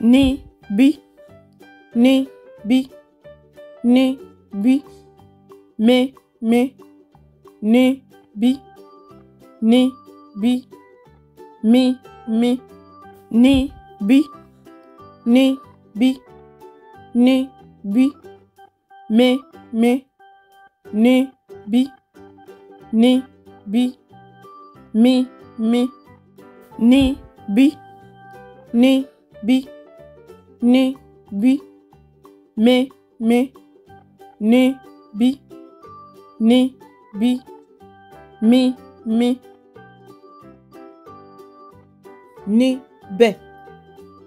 ni bi ni bi ni bi me me ni bi ni bi me me ni bi ni bi ni bi me me ni bi ni bi me me ni bi ni bi ní bí mé mé ní bí ní bí mí mí níbẹ̀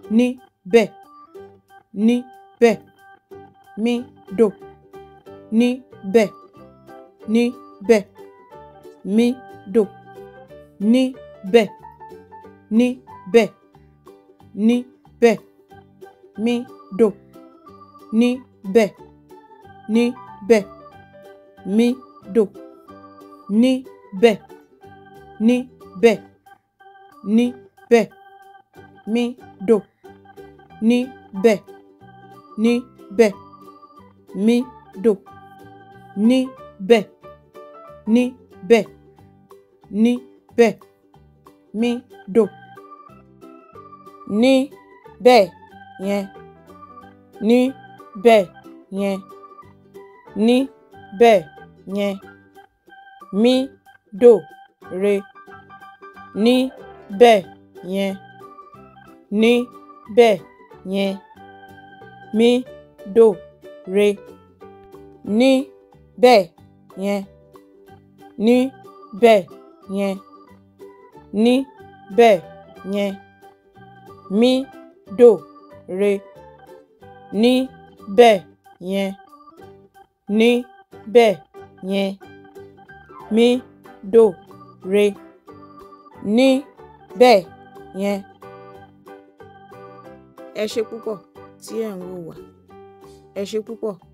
níbẹ̀ níbẹ̀ mídò níbẹ̀ níbẹ̀ mídò níbẹ̀ níbẹ̀ níbẹ̀ mi dò níbẹ̀ níbẹ̀ mi dò níbẹ̀ níbẹ̀ níbẹ̀ mi dò níbẹ̀ níbẹ̀ mi dò níbẹ̀ níbẹ̀ níbẹ̀ mi dò níbẹ̀ yẹn níbẹ̀ yẹn níbẹ̀ yẹn mí dòre níbẹ̀ yẹn níbẹ̀ yẹn mí dòre níbẹ̀ yẹn níbẹ̀ yẹn níbẹ̀ yẹn mí dòre re níbẹ̀ yẹn níbẹ̀ yẹn mí dò re níbẹ̀ yẹn. ẹ ṣé púpọ̀ tí ẹ̀ ń wò wá ẹ ṣé púpọ̀